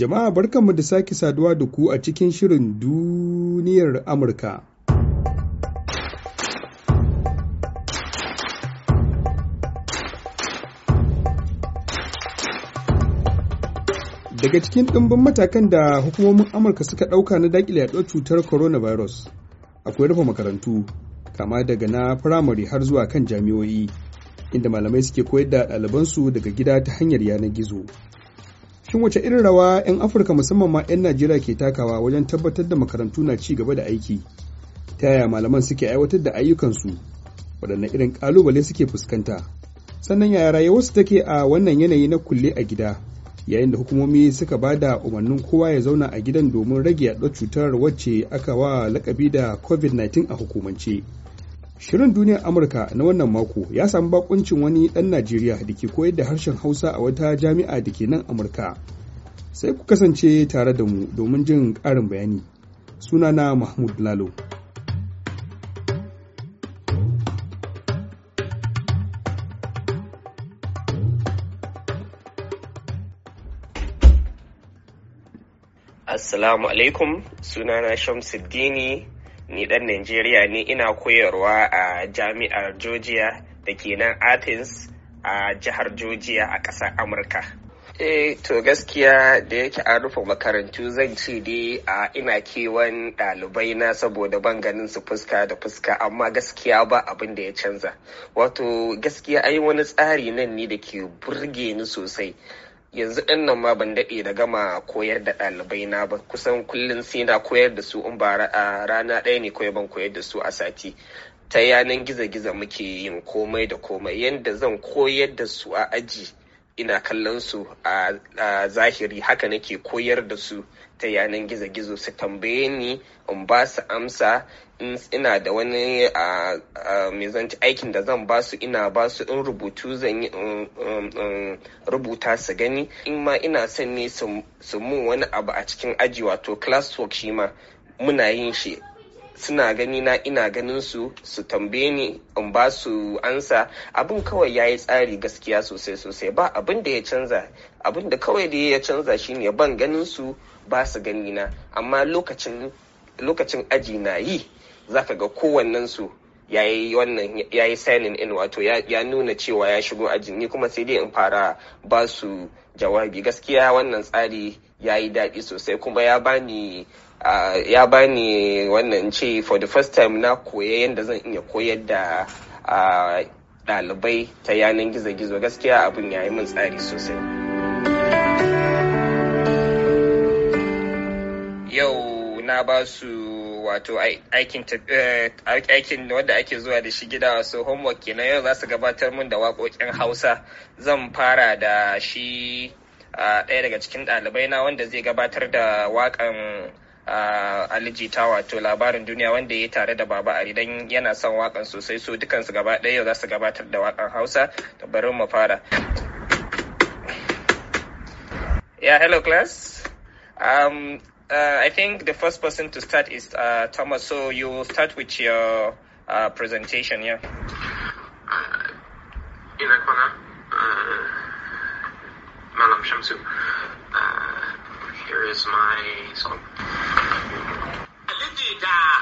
Jama'a barkanmu da sake saduwa da ku a cikin shirin duniyar Amurka. Daga cikin ɗimbin matakan da hukumomin Amurka suka ɗauka na daƙile yaɗuwar cutar coronavirus, akwai rufe makarantu, kama daga na firamare har zuwa kan jami'o'i, inda malamai suke koyar da ɗalibansu daga gida ta hanyar yanar gizo. Shin wace irin rawa 'yan Afirka musamman ma 'yan Najeriya ke takawa wajen tabbatar da makarantu na ci gaba da aiki? Ta yaya malaman suke aiwatar da ayyukansu? Waɗanne irin ƙalubale suke fuskanta? Sannan yaya rayuwarsu take a wannan yanayi na kulle a gida? Yayin da hukumomi suka ba da umarnin kowa ya zauna a gidan domin rage yaɗuwar cutar wacce aka wa lakabi da COVID-19 a hukumance. Shirin duniyar Amurka na wannan mako ya samu bakuncin wani ɗan Najeriya da ke koyar da harshen Hausa a wata jami'a da ke nan Amurka. Sai ku kasance tare da mu domin jin ƙarin bayani. Sunana Mahmud Lalo. Assalamu alaikum, sunana Shamsuddini ni dan Najeriya ne ina koyarwa a jami'ar Georgia da ke nan Athens a jihar Georgia a ƙasar Amurka. Eh to gaskiya da yake an rufe makarantu zan ce dai a ina kewan ɗalibai na saboda ban ganin su fuska da fuska amma gaskiya ba abin da ya canza. Wato gaskiya ai wani tsari nan ne da ke burge ni sosai. yanzu ɗin nan ma ban daɗe da gama koyar da ɗalibai na ba kusan kullum sai na koyar da su in ba rana ɗaya ne kawai ban koyar da su a sati ta yanan gizo-gizo muke yin komai da komai yadda zan koyar da su a aji ina kallon su a zahiri haka nake koyar da su ta yanan gizo-gizo su tambaye ni in ba su amsa ina da wani zanci aikin da zan ba su ina ba su in rubutu zan yi rubuta su gani in ma ina son ne su mun wani abu a cikin aji wato work shi ma muna yin shi suna gani na ina ganin su su tambaye ni in ba su ansa abin kawai ya yi tsari gaskiya sosai sosai ba abin da ya canza abin da kawai da ya canza shine ban ganin su ba su gani na amma lokacin aji na yi zaka ga kowannen su ya yi wannan ya signing in wato ya nuna cewa ya shigo ajin ni kuma sai dai in fara ba su jawabi gaskiya wannan tsari ya yi daɗi sosai kuma ya bani ya bani wannan ce for the first time na koya yadda zan iya koyar da ɗalibai ta yanar gizo-gizo gaskiya abin ya yi min tsari sosai yau na ba su wato aikin eh, wadda ake zuwa da shi gida wasu homework kenan yau za su gabatar mun da waƙoƙin hausa zan fara da shi ɗaya daga cikin ɗalibai na wanda zai gabatar da wakan. Uh, Aliji Tawa to labarin duniya wanda ya tare da Baba Ari dan yana son wakan sosai so gaba ɗaya za su gabatar da wakan Hausa bari mu fara. Yeah, hello class. Um, uh, I think the first person to start is uh, Thomas. So you will start with your uh, presentation. Yeah. Uh, Inakona, uh, Malam Shamsu. Here is my song.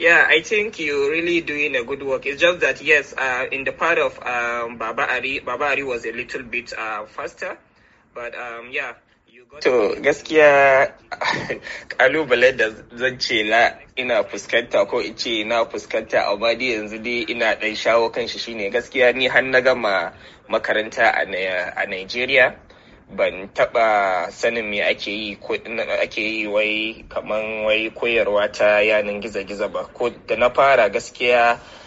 Yeah, I think you're really doing a good work. It's just that, yes, uh, in the part of um, Baba Ari, Baba Ari was a little bit uh, faster. But um, yeah, To gaskiya kalubale da zan ce na ina fuskanta ko in ce na fuskanta amma dai yanzu dai ina dan shawo kan shi shine gaskiya ni har na gama makaranta a Nigeria. ban taba sanin me ake yi ake yi wai kaman wai koyarwa ta yanin gizo-gizo ba ko da na fara gaskiya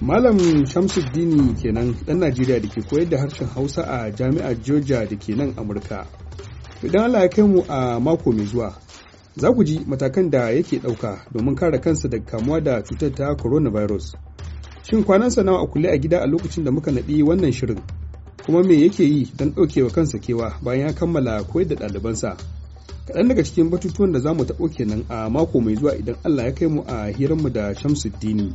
Malam Shamsuddini kenan ɗan Najeriya da ke koyar da harshen Hausa a Jami'ar Georgia da ke nan Amurka. Idan Allah ya kai mu a mako mai zuwa, za ku ji matakan da yake ɗauka domin kare kansa daga kamuwa da cutar ta coronavirus. Shin kwanansa nawa a kulle a gida a lokacin da muka naɗi wannan shirin? Kuma me yake yi don ɗaukewa kansa kewa bayan ya kammala koyar da ɗalibansa? kaɗan daga cikin batutuwan da za mu taɓo kenan a mako mai zuwa idan Allah ya kai mu a hiranmu da Shamsuddini.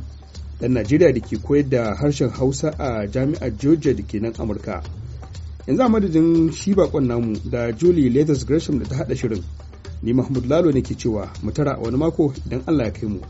ɗan najeriya da ke koyar da harshen hausa a jami'ar georgia da ke nan amurka yanzu a madadin shi bakon namu da julie Letters gresham da ta haɗa shirin ni mahmud lalo ne ke cewa mu tara wani mako idan allah ya kai mu